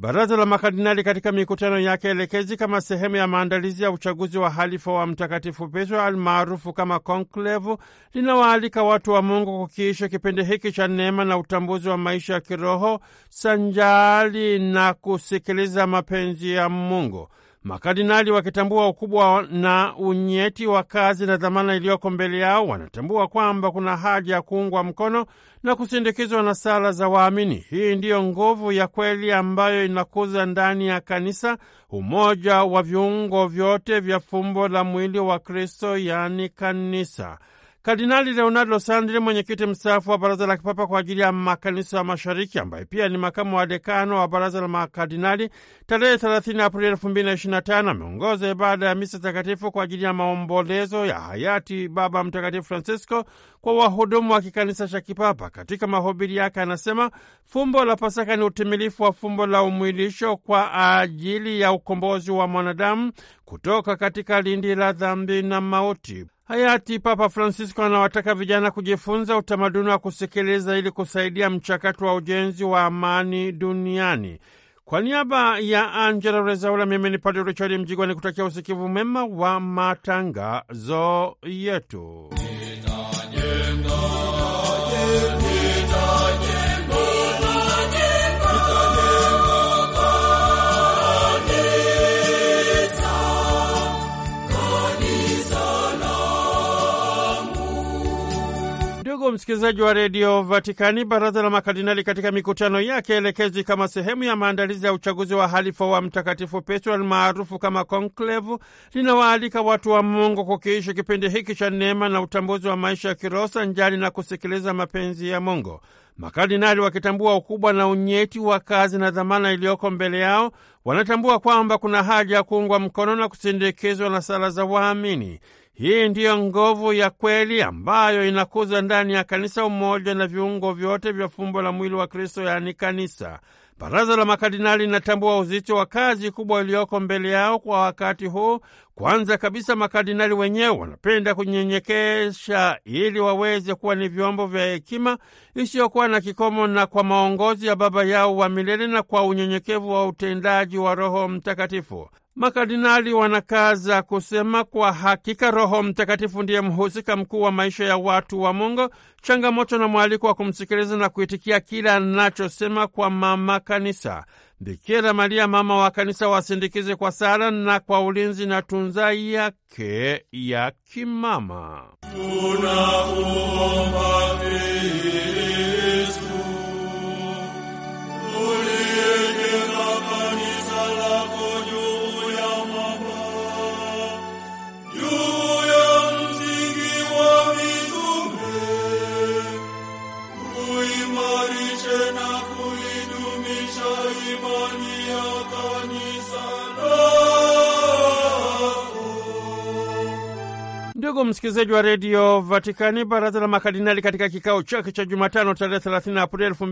Baraza la makardinali katika mikutano yake elekezi kama sehemu ya maandalizi ya uchaguzi wa halifa wa Mtakatifu Petro almaarufu kama konklevu, linawaalika watu wa Mungu kukiisha kipindi hiki cha neema na utambuzi wa maisha ya kiroho sanjali na kusikiliza mapenzi ya Mungu. Makardinali wakitambua ukubwa na unyeti wa kazi na dhamana iliyoko mbele yao, wanatambua kwamba kuna haja ya kuungwa mkono na kusindikizwa na sala za waamini. Hii ndiyo nguvu ya kweli ambayo inakuza ndani ya kanisa umoja wa viungo vyote vya fumbo la mwili wa Kristo, yaani kanisa. Kardinali Leonardo Sandri, mwenyekiti mstaafu wa Baraza la Kipapa kwa ajili ya makanisa ya Mashariki, ambaye pia ni makamu wa dekano wa Baraza la Makardinali, tarehe 30 Aprili 2025 ameongoza ibada ya misa takatifu kwa ajili ya maombolezo ya hayati Baba Mtakatifu Francisco kwa wahudumu wa kikanisa cha kipapa. Katika mahubiri yake anasema fumbo la Pasaka ni utimilifu wa fumbo la umwilisho kwa ajili ya ukombozi wa mwanadamu kutoka katika lindi la dhambi na mauti. Hayati Papa Francisco anawataka vijana kujifunza utamaduni wa kusikiliza ili kusaidia mchakato wa ujenzi wa amani duniani. Kwa niaba ya Angela Rezaula, mimi ni Padre Richard Mjigwa, ni kutakia usikivu mema wa matangazo yetu. Ndugu msikilizaji wa redio Vatikani, baraza la makardinali katika mikutano yake elekezi kama sehemu ya maandalizi ya uchaguzi wa halifa wa Mtakatifu Petro almaarufu kama konklevu, linawaalika watu wa Mungu kukiishi kipindi hiki cha neema na utambuzi wa maisha ya kiroho sanjari na kusikiliza mapenzi ya Mungu. Makardinali wakitambua ukubwa na unyeti wa kazi na dhamana iliyoko mbele yao, wanatambua kwamba kuna haja ya kuungwa mkono na kusindikizwa na sala za waamini. Hii ndiyo nguvu ya kweli ambayo inakuza ndani ya kanisa umoja na viungo vyote vya fumbo la mwili wa Kristo, yaani kanisa. Baraza la makardinali linatambua uzito wa kazi kubwa iliyoko mbele yao kwa wakati huu. Kwanza kabisa, makardinali wenyewe wanapenda kunyenyekesha ili waweze kuwa ni vyombo vya hekima isiyokuwa na kikomo na kwa maongozi ya Baba yao wa milele na kwa unyenyekevu wa utendaji wa Roho Mtakatifu. Makardinali wanakaza kusema kwa hakika Roho Mtakatifu ndiye mhusika mkuu wa maisha ya watu wa Mungu, changamoto na mwaliko wa kumsikiliza na kuitikia kila anachosema kwa mama kanisa. Bikira Maria mama wa kanisa wasindikize kwa sala na kwa ulinzi na tunza yake ya kimama. Tunakuomba ee msikilizaji wa redio Vatikani, baraza la makardinali katika kikao chake cha Jumatano tarehe 30 Aprili elfu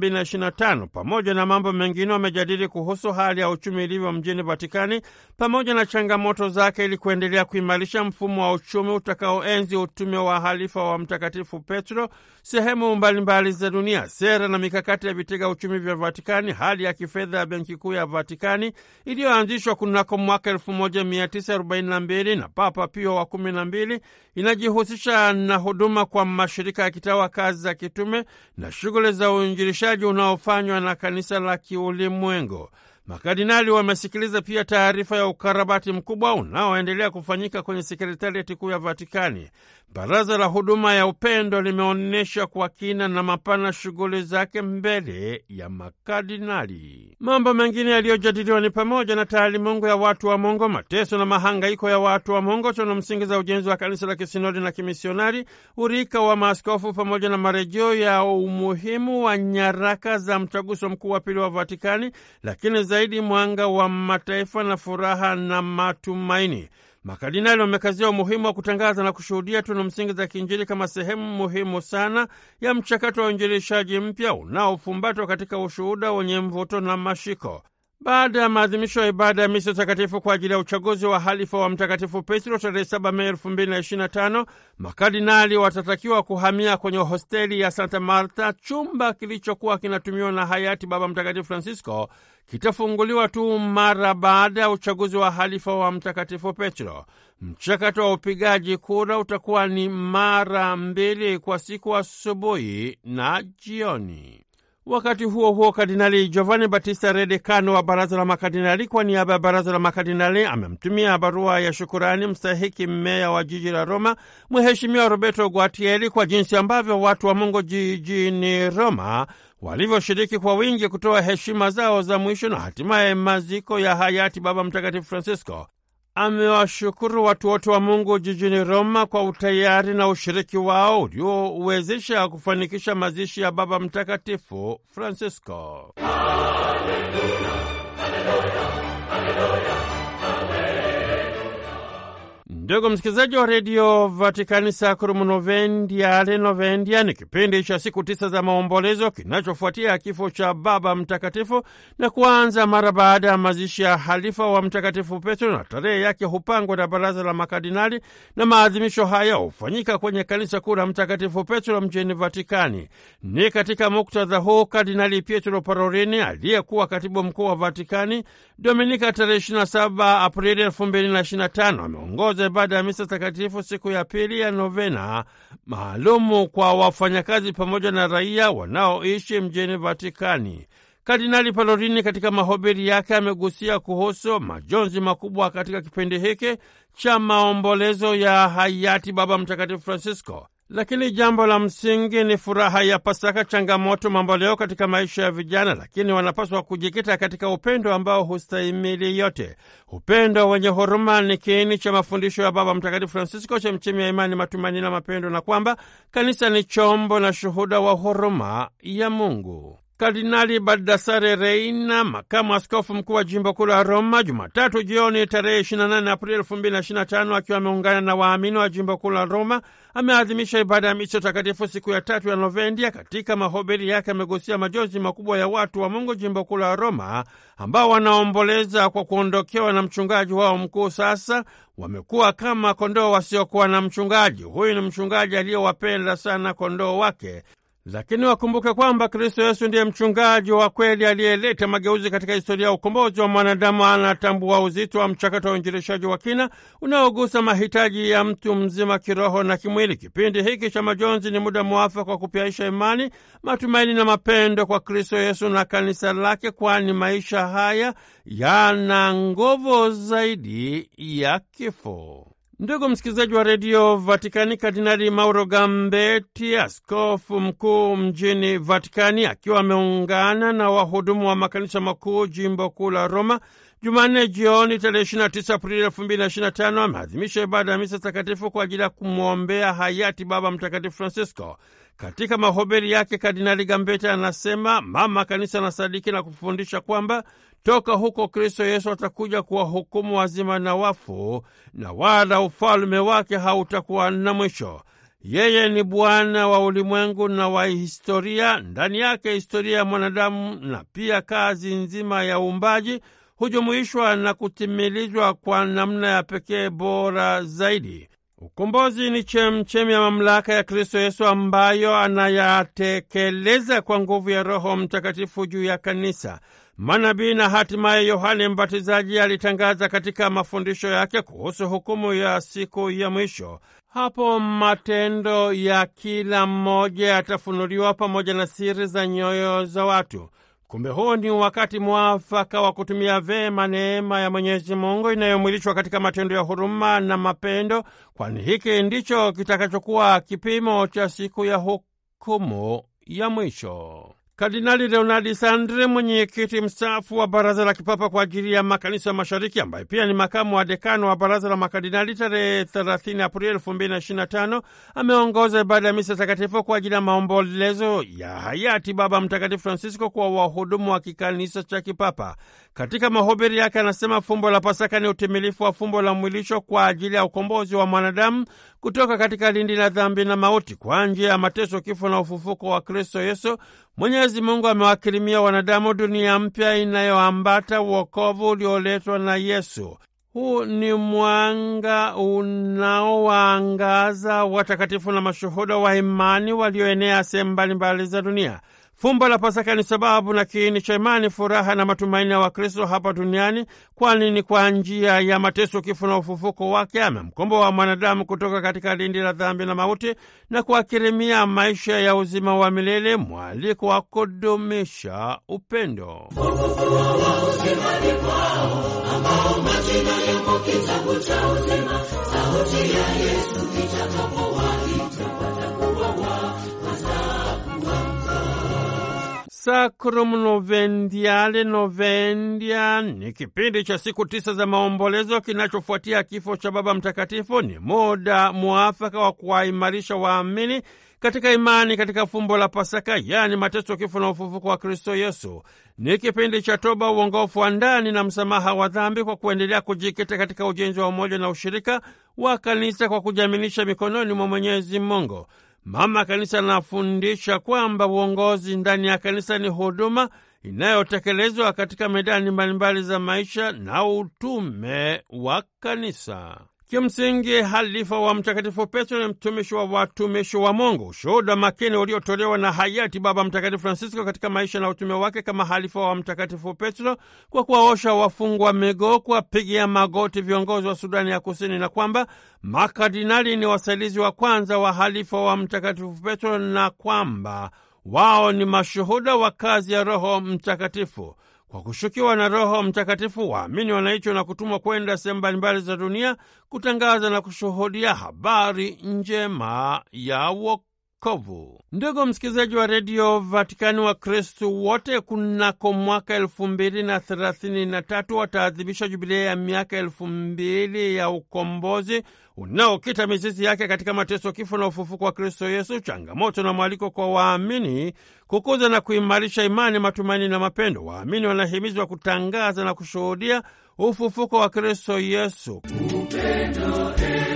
pamoja na mambo mengine, wamejadili kuhusu hali ya uchumi ilivyo mjini Vatikani pamoja na changamoto zake, ili kuendelea kuimarisha mfumo wa uchumi utakaoenzi utume wa halifa wa Mtakatifu Petro sehemu mbalimbali za dunia, sera na mikakati ya vitega uchumi vya Vatikani, hali ya kifedha ya benki kuu ya Vatikani iliyoanzishwa kunako mwaka 1942 na Papa Pio wa 12, inajihusisha na huduma kwa mashirika ya kitawa, kazi za kitume na shughuli za uinjilishaji unaofanywa na kanisa la kiulimwengu. Makardinali wamesikiliza pia taarifa ya ukarabati mkubwa unaoendelea kufanyika kwenye sekretarieti kuu ya Vatikani. Baraza la huduma ya upendo limeonyesha kwa kina na mapana shughuli zake mbele ya makardinali. Mambo mengine yaliyojadiliwa ni pamoja na taalimungu ya watu wa Mungu, mateso na mahangaiko ya watu wa Mungu, chono msingi za ujenzi wa kanisa la kisinodi na kimisionari, urika wa maaskofu, pamoja na marejeo ya umuhimu wa nyaraka za mtaguso mkuu wa pili wa Vatikani, lakini za zaidi mwanga wa mataifa na furaha na matumaini. Makardinali wamekazia umuhimu wa kutangaza na kushuhudia tunu msingi za kiinjili kama sehemu muhimu sana ya mchakato wa uinjilishaji mpya unaofumbatwa katika ushuhuda wenye mvuto na mashiko. Baada ya maadhimisho ya ibada ya misa takatifu kwa ajili ya uchaguzi wa halifa wa Mtakatifu Petro tarehe 7 Mei 2025, makardinali watatakiwa kuhamia kwenye hosteli ya Santa Marta. Chumba kilichokuwa kinatumiwa na hayati Baba Mtakatifu Francisco kitafunguliwa tu mara baada ya uchaguzi wa halifa wa Mtakatifu Petro. Mchakato wa upigaji kura utakuwa ni mara mbili kwa siku, asubuhi na jioni. Wakati huo huo, Kardinali Giovanni Battista Re Decano wa baraza la makardinali, kwa niaba ya baraza la makardinali, amemtumia barua ya shukurani mstahiki mmeya wa jiji la Roma, Mheshimiwa Roberto Guatieri, kwa jinsi ambavyo watu wa Mungu jijini Roma walivyoshiriki kwa wingi kutoa heshima zao za mwisho na hatimaye maziko ya hayati Baba Mtakatifu Francisco amewashukuru watu wote wa Mungu jijini Roma kwa utayari na ushiriki wao uliowezesha kufanikisha mazishi ya Baba Mtakatifu Francisco. Haleluya, haleluya, haleluya, haleluya. Ndugu msikilizaji wa redio Vatikani, Sacrum Novendiale. Novendia ni kipindi cha siku tisa za maombolezo kinachofuatia kifo cha Baba Mtakatifu na kuanza mara baada ya mazishi ya halifa wa Mtakatifu Petro, na tarehe yake hupangwa na Baraza la Makardinali, na maadhimisho haya hufanyika kwenye kanisa kuu la Mtakatifu Petro mjini Vatikani. Ni katika muktadha huu Kardinali Pietro Parolini aliyekuwa katibu mkuu wa Vatikani, Dominika tarehe 27 Aprili 2025 ameongoza moja baada ya misa takatifu siku ya pili ya novena maalumu kwa wafanyakazi pamoja na raia wanaoishi mjini Vatikani. Kardinali Parolini katika mahubiri yake amegusia kuhusu majonzi makubwa katika kipindi hiki cha maombolezo ya hayati Baba Mtakatifu Francisco. Lakini jambo la msingi ni furaha ya Pasaka, changamoto mamboleo katika maisha ya vijana, lakini wanapaswa kujikita katika upendo ambao hustahimili yote. Upendo wenye huruma ni kiini cha mafundisho ya Baba Mtakatifu Francisco, chemchemi ya imani, matumaini na mapendo, na kwamba kanisa ni chombo na shuhuda wa huruma ya Mungu. Kardinali Baldassare Reina, makamu askofu mkuu wa jimbo kuu la Roma, Jumatatu jioni tarehe 28 Aprili 2025 akiwa ameungana na waamini wa jimbo kuu la Roma ameadhimisha ibada ya misa takatifu siku ya tatu ya Novendia. Katika mahubiri yake amegusia majonzi makubwa ya watu wa Mungu jimbo kuu la Roma ambao wanaomboleza kwa kuondokewa na mchungaji wao mkuu. Sasa wamekuwa kama kondoo wasiokuwa na mchungaji. Huyu ni mchungaji aliyowapenda sana kondoo wake lakini wakumbuke kwamba Kristo Yesu ndiye mchungaji wa kweli aliyeleta mageuzi katika historia ya ukombozi wa mwanadamu. Anatambua uzito wa mchakato wa uinjilishaji wa kina unaogusa mahitaji ya mtu mzima kiroho na kimwili. Kipindi hiki cha majonzi ni muda mwafaka wa kupyaisha imani, matumaini na mapendo kwa Kristo Yesu na kanisa lake, kwani maisha haya yana nguvu zaidi ya kifo. Ndugu msikilizaji wa redio Vatikani, Kardinali Mauro Gambeti, askofu mkuu mjini Vatikani, akiwa ameungana na wahudumu wa makanisa makuu jimbo kuu la Roma, Jumanne jioni tarehe 29 Aprili 2025 ameadhimisha ibada ya misa takatifu kwa ajili ya kumwombea hayati Baba Mtakatifu Francisco. Katika mahubiri yake, Kardinali Gambeti anasema mama kanisa anasadiki na kufundisha kwamba Toka huko Kristo Yesu atakuja kuwahukumu wazima na wafu, na wala ufalume wake hautakuwa na mwisho. Yeye ni Bwana wa ulimwengu na wa historia, ndani yake historia ya mwanadamu na pia kazi nzima ya uumbaji hujumuishwa na kutimilizwa kwa namna ya pekee bora zaidi. Ukombozi ni chemchemi ya mamlaka ya Kristo Yesu ambayo anayatekeleza kwa nguvu ya Roho Mtakatifu juu ya kanisa. Manabii na hatimaye Yohane Mbatizaji alitangaza katika mafundisho yake kuhusu hukumu ya siku ya mwisho. Hapo matendo ya kila mmoja yatafunuliwa pamoja na siri za nyoyo za watu. Kumbe huu ni wakati mwafaka wa kutumia vema neema ya Mwenyezi Mungu inayomwilishwa katika matendo ya huruma na mapendo, kwani hiki ndicho kitakachokuwa kipimo cha siku ya hukumu ya mwisho. Kardinali Leonardi Sandre, mwenyekiti mstaafu wa Baraza la Kipapa kwa ajili ya Makanisa Mashariki, ambaye pia ni makamu wa dekano wa Baraza la Makardinali, tarehe 30 Aprili 2025 ameongoza ibada ya misa takatifu kwa ajili ya maombolezo ya hayati Baba Mtakatifu Francisco kwa wahudumu wa kikanisa cha kipapa. Katika mahubiri yake anasema fumbo la Pasaka ni utimilifu wa fumbo la mwilisho kwa ajili ya ukombozi wa mwanadamu kutoka katika lindi la dhambi na mauti. Kwa njia ya mateso, kifo na ufufuko wa Kristo Yesu, Mwenyezi Mungu amewakirimia wanadamu dunia mpya inayoambata uokovu ulioletwa na Yesu. Huu ni mwanga unaowaangaza watakatifu na mashuhuda wa imani walioenea sehemu mbalimbali za dunia. Fumbo la Pasaka ni sababu na kiini cha imani, furaha na matumaini ya Wakristo hapa duniani, kwani ni kwa njia ya mateso, kifo na ufufuko wake amemkomboa wa mwanadamu kutoka katika lindi la dhambi na mauti na kuakirimia maisha ya uzima wa milele, mwaliko wa kudumisha upendo Sacrum Novendiale. Novendia ni kipindi cha siku tisa za maombolezo kinachofuatia kifo cha Baba Mtakatifu. Ni muda mwafaka wa kuwaimarisha waamini katika imani katika fumbo la Pasaka, yaani mateso, kifo na ufufuko wa Kristo Yesu. Ni kipindi cha toba, uongofu wa ndani na msamaha wa dhambi, kwa kuendelea kujikita katika ujenzi wa umoja na ushirika wa kanisa kwa kujiaminisha mikononi mwa Mwenyezi Mungu. Mama Kanisa anafundisha kwamba uongozi ndani ya kanisa ni huduma inayotekelezwa katika medani mbalimbali za maisha na utume wa kanisa. Kimsingi, halifa wa Mtakatifu Petro ni mtumishi wa watumishi wa Mungu. Ushuhuda makini uliotolewa na hayati Baba Mtakatifu Francisco katika maisha na utume wake kama halifa wa Mtakatifu Petro kwa kuwaosha wafungwa miguu, kuwapigia magoti viongozi wa Sudani ya Kusini, na kwamba makardinali ni wasaidizi wa kwanza wa halifa wa Mtakatifu Petro na kwamba wao ni mashuhuda wa kazi ya Roho Mtakatifu. Kwa kushukiwa na Roho Mtakatifu, waamini wanaitwa na kutumwa kwenda sehemu mbalimbali za dunia kutangaza na kushuhudia habari njema ya wok Kovu. Ndugu msikilizaji wa redio Vatikani, wa Kristu wote kunako mwaka elfu mbili na thelathini na tatu wataadhimisha jubilia ya miaka elfu mbili ya ukombozi unaokita mizizi yake katika mateso, kifo na ufufuko wa Kristo Yesu, changamoto na mwaliko kwa waamini kukuza na kuimarisha imani, matumaini na mapendo. Waamini wanahimizwa kutangaza na kushuhudia ufufuko wa Kristo Yesu Upendo, eh.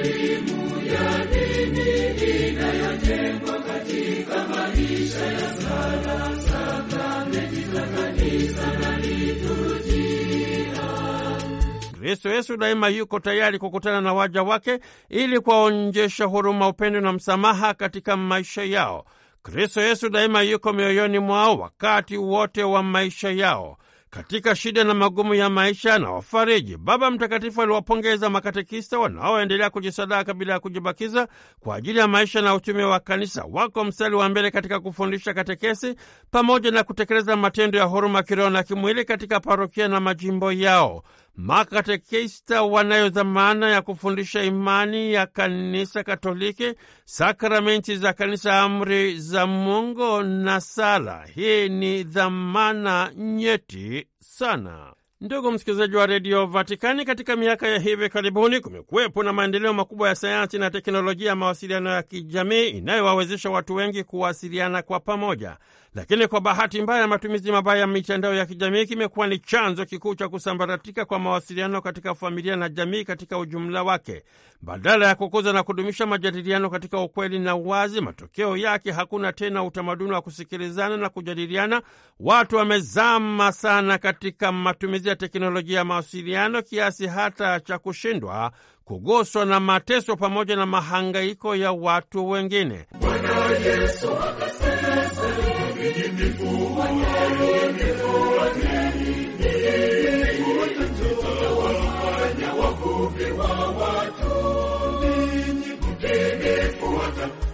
Kristo Yesu daima yuko tayari kukutana na waja wake ili kuwaonjesha huruma, upendo na msamaha katika maisha yao. Kristo Yesu daima yuko mioyoni mwao wakati wote wa maisha yao. Katika shida na magumu ya maisha na wafariji. Baba Mtakatifu aliwapongeza makatekista wanaoendelea kujisadaka bila ya kujibakiza kwa ajili ya maisha na utume wa Kanisa. Wako mstari wa mbele katika kufundisha katekesi pamoja na kutekeleza matendo ya huruma kiroho na kimwili katika parokia na majimbo yao makatekista wanayo dhamana ya kufundisha imani ya Kanisa Katoliki, sakramenti za Kanisa, amri za Mungu na sala. Hii ni dhamana nyeti sana. Ndugu msikilizaji wa redio Vatikani, katika miaka ya hivi karibuni kumekuwepo na maendeleo makubwa ya sayansi na teknolojia ya mawasiliano ya kijamii inayowawezesha watu wengi kuwasiliana kwa pamoja. Lakini kwa bahati mbaya, matumizi mabaya ya mitandao ya kijamii kimekuwa ni chanzo kikuu cha kusambaratika kwa mawasiliano katika familia na jamii katika ujumla wake. Badala ya kukuza na kudumisha majadiliano katika ukweli na uwazi, matokeo yake hakuna tena utamaduni wa kusikilizana na kujadiliana. Watu wamezama sana katika matumizi ya teknolojia ya mawasiliano kiasi hata cha kushindwa kuguswa na mateso pamoja na mahangaiko ya watu wengine. Bwana Yesu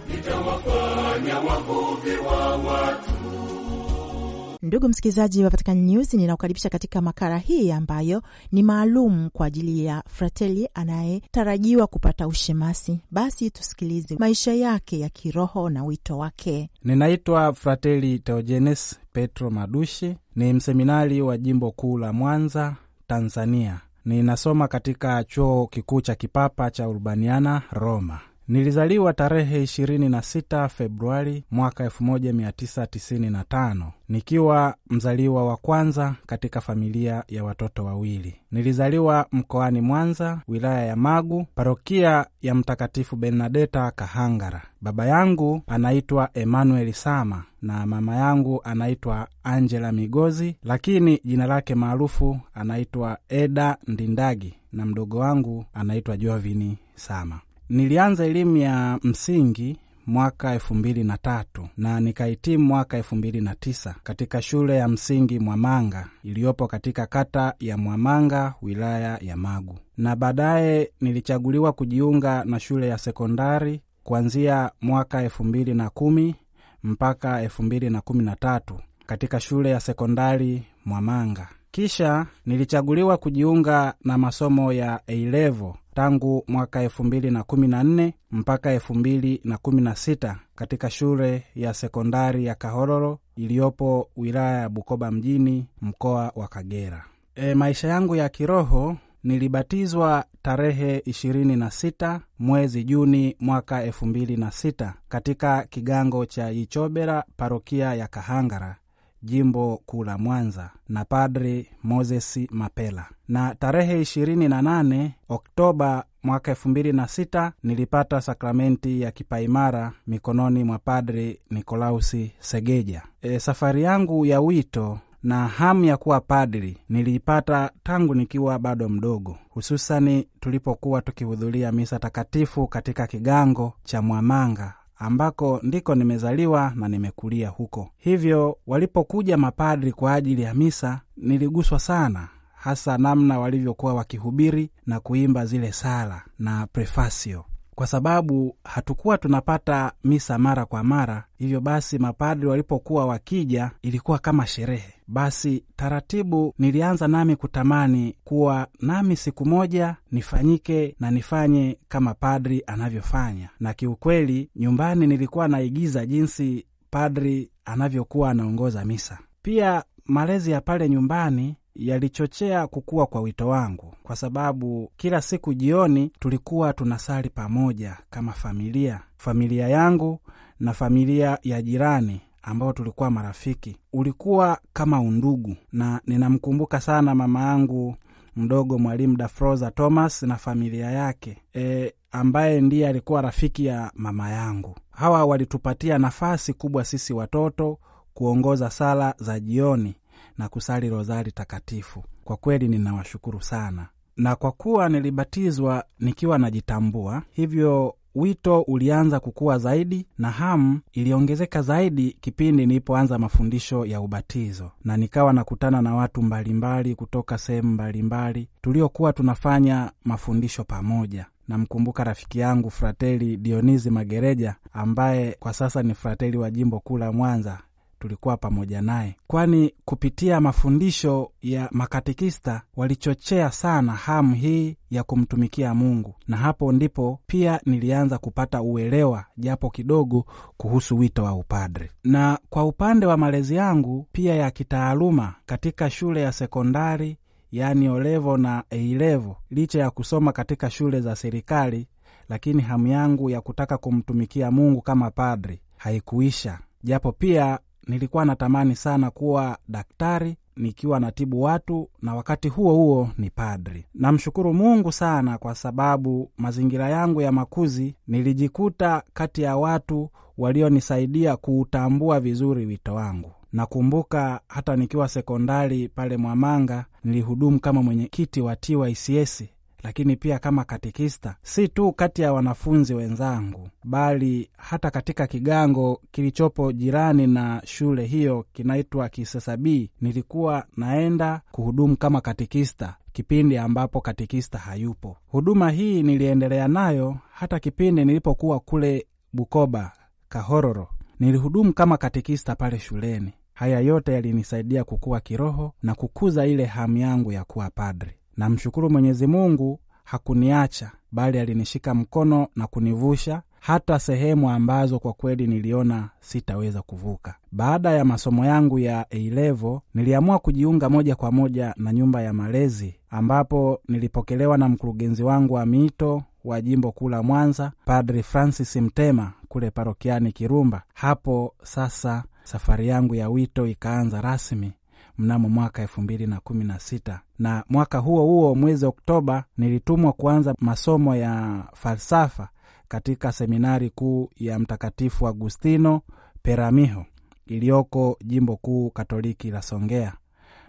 nitawafanya wavuvi wa watu Ndugu msikilizaji wa Vatican News, ninakukaribisha katika makala hii ambayo ni maalum kwa ajili ya frateli anayetarajiwa kupata ushemasi. Basi tusikilize maisha yake ya kiroho na wito wake. Ninaitwa Frateli Teogenes Petro Madushi, ni mseminari wa jimbo kuu la Mwanza, Tanzania. Ninasoma katika chuo kikuu cha kipapa cha Urbaniana, Roma. Nilizaliwa tarehe 26 Februari mwaka 1995 nikiwa mzaliwa wa kwanza katika familia ya watoto wawili. Nilizaliwa mkoani Mwanza, wilaya ya Magu, parokia ya Mtakatifu Bernadeta Kahangara. Baba yangu anaitwa Emmanuel Sama na mama yangu anaitwa Angela Migozi, lakini jina lake maarufu anaitwa Eda Ndindagi na mdogo wangu anaitwa Jovini Sama. Nilianza elimu ya msingi mwaka elfu mbili na tatu na nikahitimu mwaka elfu mbili na tisa katika shule ya msingi Mwamanga iliyopo katika kata ya Mwamanga wilaya ya Magu, na baadaye nilichaguliwa kujiunga na shule ya sekondari kuanzia mwaka elfu mbili na kumi mpaka elfu mbili na kumi na tatu katika shule ya sekondari Mwamanga. Kisha nilichaguliwa kujiunga na masomo ya eilevo tangu mwaka 2014 mpaka 2016 katika shule ya sekondari ya Kahororo iliyopo wilaya ya Bukoba mjini mkoa wa Kagera. E, maisha yangu ya kiroho nilibatizwa tarehe 26 mwezi Juni mwaka 2006 katika kigango cha Ichobera parokia ya Kahangara, jimbo kuu la Mwanza na Padri Moses Mapela. Na tarehe 28 Oktoba mwaka elfu nilipata sakramenti ya kipaimara mikononi mwa Padri Nikolausi Segeja. E, safari yangu ya wito na hamu ya kuwa padri niliipata tangu nikiwa bado mdogo, hususani tulipokuwa tukihudhuria misa takatifu katika kigango cha Mwamanga ambako ndiko nimezaliwa na nimekulia huko. Hivyo walipokuja mapadri kwa ajili ya misa, niliguswa sana, hasa namna walivyokuwa wakihubiri na kuimba zile sala na prefasio kwa sababu hatukuwa tunapata misa mara kwa mara. Hivyo basi, mapadri walipokuwa wakija, ilikuwa kama sherehe. Basi taratibu nilianza nami kutamani kuwa nami siku moja nifanyike na nifanye kama padri anavyofanya, na kiukweli, nyumbani nilikuwa naigiza jinsi padri anavyokuwa anaongoza misa. Pia malezi ya pale nyumbani yalichochea kukua kwa wito wangu, kwa sababu kila siku jioni tulikuwa tunasali pamoja kama familia, familia yangu na familia ya jirani ambao tulikuwa marafiki. Ulikuwa kama undugu, na ninamkumbuka sana mama yangu mdogo Mwalimu Dafroza Thomas na familia yake e, ambaye ndiye alikuwa rafiki ya mama yangu. Hawa walitupatia nafasi kubwa sisi watoto kuongoza sala za jioni na kusali rozari takatifu. Kwa kweli ninawashukuru sana, na kwa kuwa nilibatizwa nikiwa najitambua, hivyo wito ulianza kukua zaidi na hamu iliongezeka zaidi kipindi nilipoanza mafundisho ya ubatizo, na nikawa nakutana na watu mbalimbali kutoka sehemu mbalimbali tuliokuwa tunafanya mafundisho pamoja. Namkumbuka rafiki yangu frateli Dionisi Magereja ambaye kwa sasa ni frateli wa jimbo kuu la Mwanza tulikuwa pamoja naye, kwani kupitia mafundisho ya makatekista walichochea sana hamu hii ya kumtumikia Mungu, na hapo ndipo pia nilianza kupata uelewa japo kidogo kuhusu wito wa upadre. Na kwa upande wa malezi yangu pia ya kitaaluma katika shule ya sekondari, yaani olevo na eilevo, licha ya kusoma katika shule za serikali, lakini hamu yangu ya kutaka kumtumikia Mungu kama padri haikuisha japo pia nilikuwa natamani sana kuwa daktari nikiwa natibu watu na wakati huo huo ni padri. Namshukuru Mungu sana kwa sababu mazingira yangu ya makuzi nilijikuta kati ya watu walionisaidia kuutambua vizuri wito wangu. Nakumbuka hata nikiwa sekondari pale Mwamanga nilihudumu kama mwenyekiti wa TYCS lakini pia kama katekista, si tu kati ya wanafunzi wenzangu, bali hata katika kigango kilichopo jirani na shule hiyo kinaitwa Kisesabii. Nilikuwa naenda kuhudumu kama katekista kipindi ambapo katekista hayupo. Huduma hii niliendelea nayo hata kipindi nilipokuwa kule Bukoba, Kahororo. Nilihudumu kama katekista pale shuleni. Haya yote yalinisaidia kukua kiroho na kukuza ile hamu yangu ya kuwa padri. Namshukuru Mwenyezi Mungu hakuniacha, bali alinishika mkono na kunivusha hata sehemu ambazo kwa kweli niliona sitaweza kuvuka. Baada ya masomo yangu ya eilevo niliamua kujiunga moja kwa moja na nyumba ya malezi ambapo nilipokelewa na mkurugenzi wangu wa mito wa jimbo kuu la Mwanza, Padri Francis Mtema kule parokiani Kirumba. Hapo sasa safari yangu ya wito ikaanza rasmi mnamo mwaka elfu mbili na kumi na sita na mwaka huo huo mwezi Oktoba nilitumwa kuanza masomo ya falsafa katika seminari kuu ya Mtakatifu Agustino Peramiho iliyoko jimbo kuu Katoliki la Songea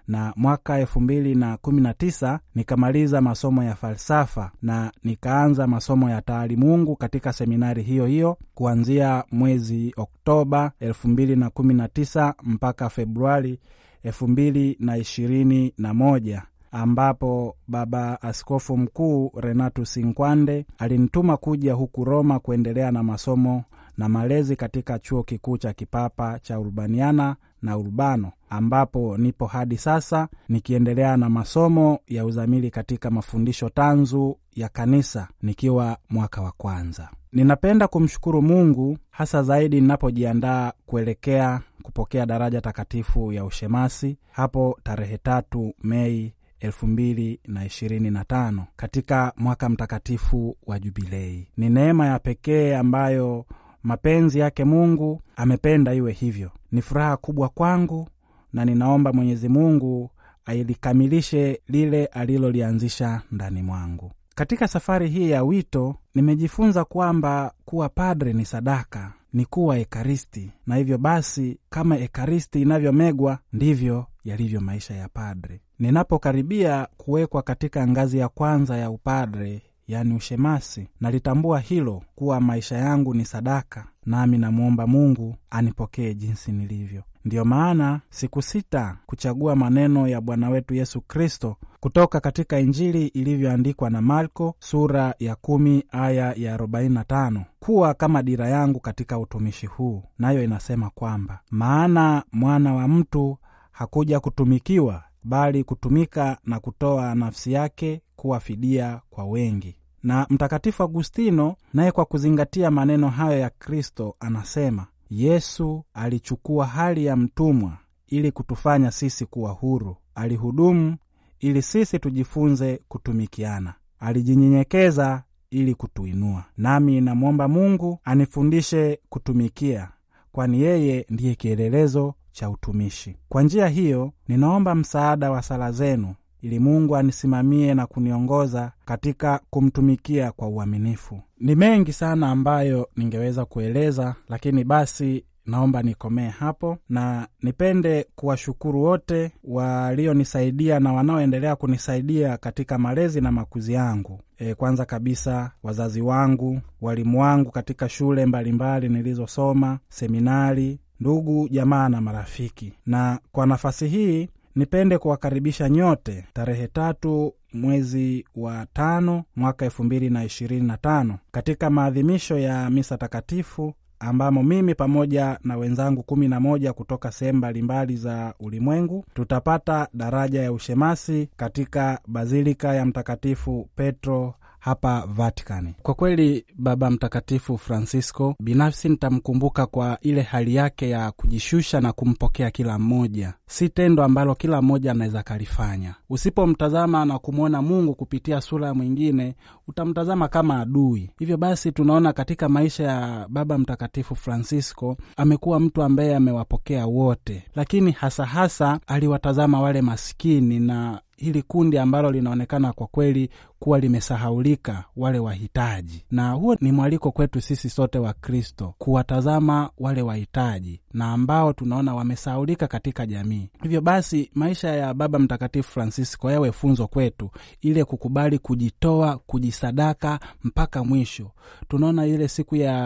na mwaka elfu mbili na kumi na tisa nikamaliza masomo ya falsafa na nikaanza masomo ya taalimungu katika seminari hiyo hiyo kuanzia mwezi Oktoba elfu mbili na kumi na tisa mpaka Februari elfu mbili na ishirini na moja ambapo Baba Askofu Mkuu Renato sinkwande alinituma kuja huku Roma kuendelea na masomo na malezi katika chuo kikuu cha kipapa cha Urbaniana na Urbano ambapo nipo hadi sasa nikiendelea na masomo ya uzamili katika mafundisho tanzu ya kanisa nikiwa mwaka wa kwanza. Ninapenda kumshukuru Mungu hasa zaidi ninapojiandaa kuelekea kupokea daraja takatifu ya ushemasi hapo tarehe tatu Mei elfu mbili na ishirini na tano katika mwaka mtakatifu wa Jubilei. Ni neema ya pekee ambayo mapenzi yake Mungu amependa iwe hivyo. Ni furaha kubwa kwangu na ninaomba Mwenyezi Mungu ailikamilishe lile alilolianzisha ndani mwangu. Katika safari hii ya wito nimejifunza kwamba kuwa padre ni sadaka, ni kuwa ekaristi, na hivyo basi kama ekaristi inavyomegwa ndivyo yalivyo maisha ya padre. Ninapokaribia kuwekwa katika ngazi ya kwanza ya upadre, yani ushemasi, nalitambua hilo kuwa maisha yangu ni sadaka, nami namwomba Mungu anipokee jinsi nilivyo. Ndiyo maana sikusita kuchagua maneno ya Bwana wetu Yesu Kristo kutoka katika Injili ilivyoandikwa na Marko sura ya 1 aya ya 45 kuwa kama dira yangu katika utumishi huu, nayo inasema kwamba maana mwana wa mtu hakuja kutumikiwa, bali kutumika na kutoa nafsi yake kuwa fidia kwa wengi. Na Mtakatifu Agustino naye kwa kuzingatia maneno hayo ya Kristo anasema Yesu alichukua hali ya mtumwa ili kutufanya sisi kuwa huru. Alihudumu ili sisi tujifunze kutumikiana. Alijinyenyekeza ili kutuinua. Nami namwomba Mungu anifundishe kutumikia, kwani yeye ndiye kielelezo cha utumishi. Kwa njia hiyo, ninaomba msaada wa sala zenu ili Mungu anisimamie na kuniongoza katika kumtumikia kwa uaminifu. Ni mengi sana ambayo ningeweza kueleza, lakini basi naomba nikomee hapo, na nipende kuwashukuru wote walionisaidia na wanaoendelea kunisaidia katika malezi na makuzi yangu. E, kwanza kabisa wazazi wangu, walimu wangu katika shule mbalimbali nilizosoma, seminari, ndugu jamaa na marafiki. Na kwa nafasi hii Nipende kuwakaribisha nyote tarehe tatu mwezi wa tano mwaka elfu mbili na ishirini na tano katika maadhimisho ya misa takatifu ambamo mimi pamoja na wenzangu kumi na moja kutoka sehemu mbalimbali za ulimwengu tutapata daraja ya ushemasi katika bazilika ya Mtakatifu Petro hapa vaticani Kwa kweli, Baba Mtakatifu Francisco, binafsi nitamkumbuka kwa ile hali yake ya kujishusha na kumpokea kila mmoja. Si tendo ambalo kila mmoja anaweza kalifanya. Usipomtazama na kumwona Mungu kupitia sura mwingine, utamtazama kama adui. Hivyo basi, tunaona katika maisha ya Baba Mtakatifu Francisco amekuwa mtu ambaye amewapokea wote, lakini hasa hasa aliwatazama wale masikini na hili kundi ambalo linaonekana kwa kweli kuwa limesahaulika, wale wahitaji. Na huo ni mwaliko kwetu sisi sote Wakristo, kuwatazama wale wahitaji, na ambao tunaona wamesaulika katika jamii. Hivyo basi, maisha ya Baba Mtakatifu Francisco yawe funzo kwetu, ile kukubali kujitoa, kujisadaka mpaka mwisho. Tunaona ile siku ya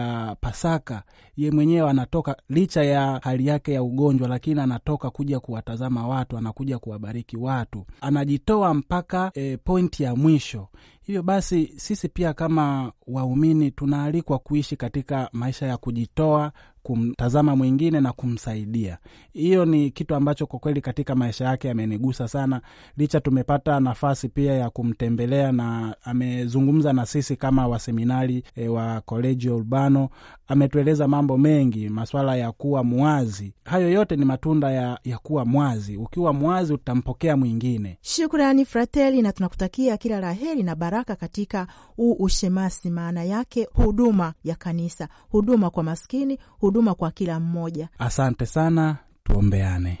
Pasaka, ye mwenyewe anatoka licha ya hali yake ya ugonjwa, lakini anatoka kuja kuwatazama watu, anakuja kuwabariki watu, anajitoa mpaka e, pointi ya mwisho. Hivyo basi sisi pia kama waumini tunaalikwa kuishi katika maisha ya kujitoa, kumtazama mwingine na kumsaidia. Hiyo ni kitu ambacho kwa kweli katika maisha yake amenigusa sana. Licha tumepata nafasi pia ya kumtembelea na amezungumza na sisi kama waseminari e, wa Kolegio eh, Urbano. Ametueleza mambo mengi, maswala ya kuwa mwazi. Hayo yote ni matunda ya, ya kuwa mwazi. Ukiwa mwazi utampokea mwingine. Shukrani frateli, na tunakutakia kila la heri na baraka katika huu ushemasi, maana yake huduma ya kanisa, huduma kwa maskini, huduma huduma kwa kila mmoja. Asante sana, tuombeane.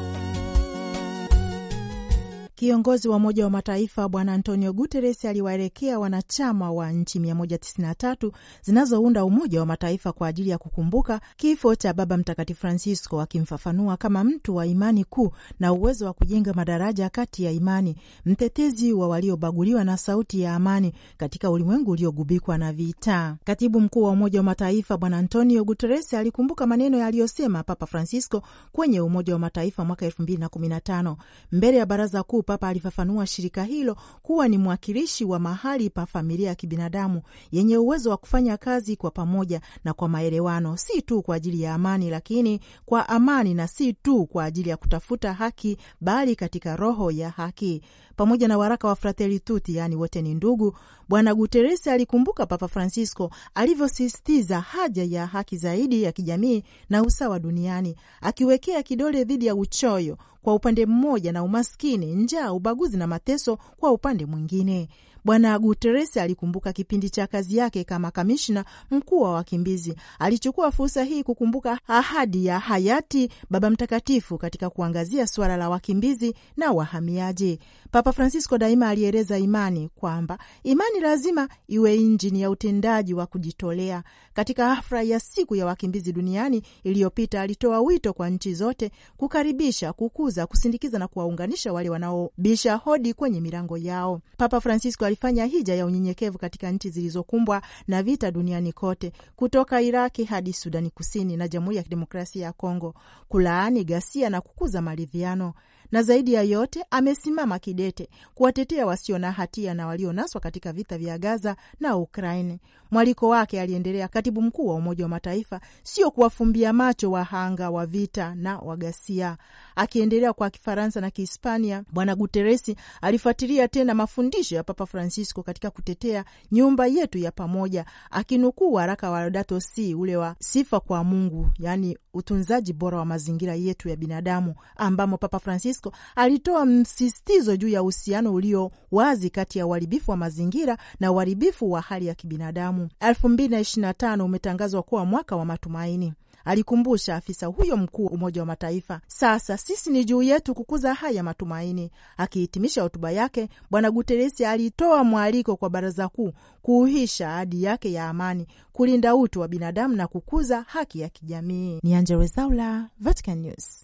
Kiongozi wa Umoja wa Mataifa Bwana Antonio Guterres aliwaelekea wanachama wa nchi 193 zinazounda Umoja wa Mataifa kwa ajili ya kukumbuka kifo cha Baba Mtakatifu Francisco, akimfafanua kama mtu wa imani kuu na uwezo wa kujenga madaraja kati ya imani, mtetezi wa waliobaguliwa na sauti ya amani katika ulimwengu uliogubikwa na vita. Katibu mkuu wa Umoja wa Mataifa Bwana Antonio Guterres alikumbuka maneno yaliyosema Papa Francisco kwenye Umoja wa Mataifa mwaka 2015 mbele ya Baraza Kuu Papa alifafanua shirika hilo kuwa ni mwakilishi wa mahali pa familia ya kibinadamu yenye uwezo wa kufanya kazi kwa pamoja na kwa maelewano, si tu kwa ajili ya amani, lakini kwa amani, na si tu kwa ajili ya kutafuta haki, bali katika roho ya haki. Pamoja na waraka wa Fratelli Tutti, yaani wote ni ndugu, Bwana Guteresi alikumbuka Papa Francisco alivyosisitiza haja ya haki zaidi ya kijamii na usawa duniani, akiwekea kidole dhidi ya uchoyo kwa upande mmoja na umaskini, njaa, ubaguzi na mateso kwa upande mwingine. Bwana guteresi alikumbuka kipindi cha kazi yake kama kamishna mkuu wa wakimbizi. Alichukua fursa hii kukumbuka ahadi ya hayati Baba Mtakatifu katika kuangazia suala la wakimbizi na wahamiaji. Papa Francisco daima alieleza imani kwamba imani lazima iwe injini ya utendaji wa kujitolea. Katika hafla ya siku ya wakimbizi duniani iliyopita, alitoa wito kwa nchi zote kukaribisha, kukuza, kusindikiza na kuwaunganisha wale wanaobisha hodi kwenye milango yao. Papa Francisco alifanya hija ya unyenyekevu katika nchi zilizokumbwa na vita duniani kote, kutoka Iraki hadi Sudani Kusini na Jamhuri ya Kidemokrasia ya Kongo, kulaani ghasia na kukuza maridhiano na zaidi ya yote amesimama kidete kuwatetea wasio na hatia na walionaswa katika vita vya Gaza na Ukraini. Mwaliko wake, aliendelea katibu mkuu wa Umoja wa Mataifa, sio kuwafumbia macho wahanga wa vita na wagasia. Akiendelea kwa Kifaransa na Kihispania, Bwana Guteresi alifuatilia tena mafundisho ya Papa Francisco katika kutetea nyumba yetu ya pamoja, akinukuu waraka wa Laudato Si ule wa sifa kwa Mungu, yaani utunzaji bora wa mazingira yetu ya binadamu, ambamo Papa Francisco UNESCO alitoa msisitizo juu ya uhusiano ulio wazi kati ya uharibifu wa mazingira na uharibifu wa hali ya kibinadamu. 2025 umetangazwa kuwa mwaka wa matumaini, alikumbusha afisa huyo mkuu Umoja wa Mataifa. Sasa sisi ni juu yetu kukuza haya matumaini. Akihitimisha hotuba yake, Bwana Guteresi alitoa mwaliko kwa Baraza Kuu kuuhisha ahadi yake ya amani, kulinda utu wa binadamu na kukuza haki ya kijamii. Ni Angella Rwezaula, Vatican News.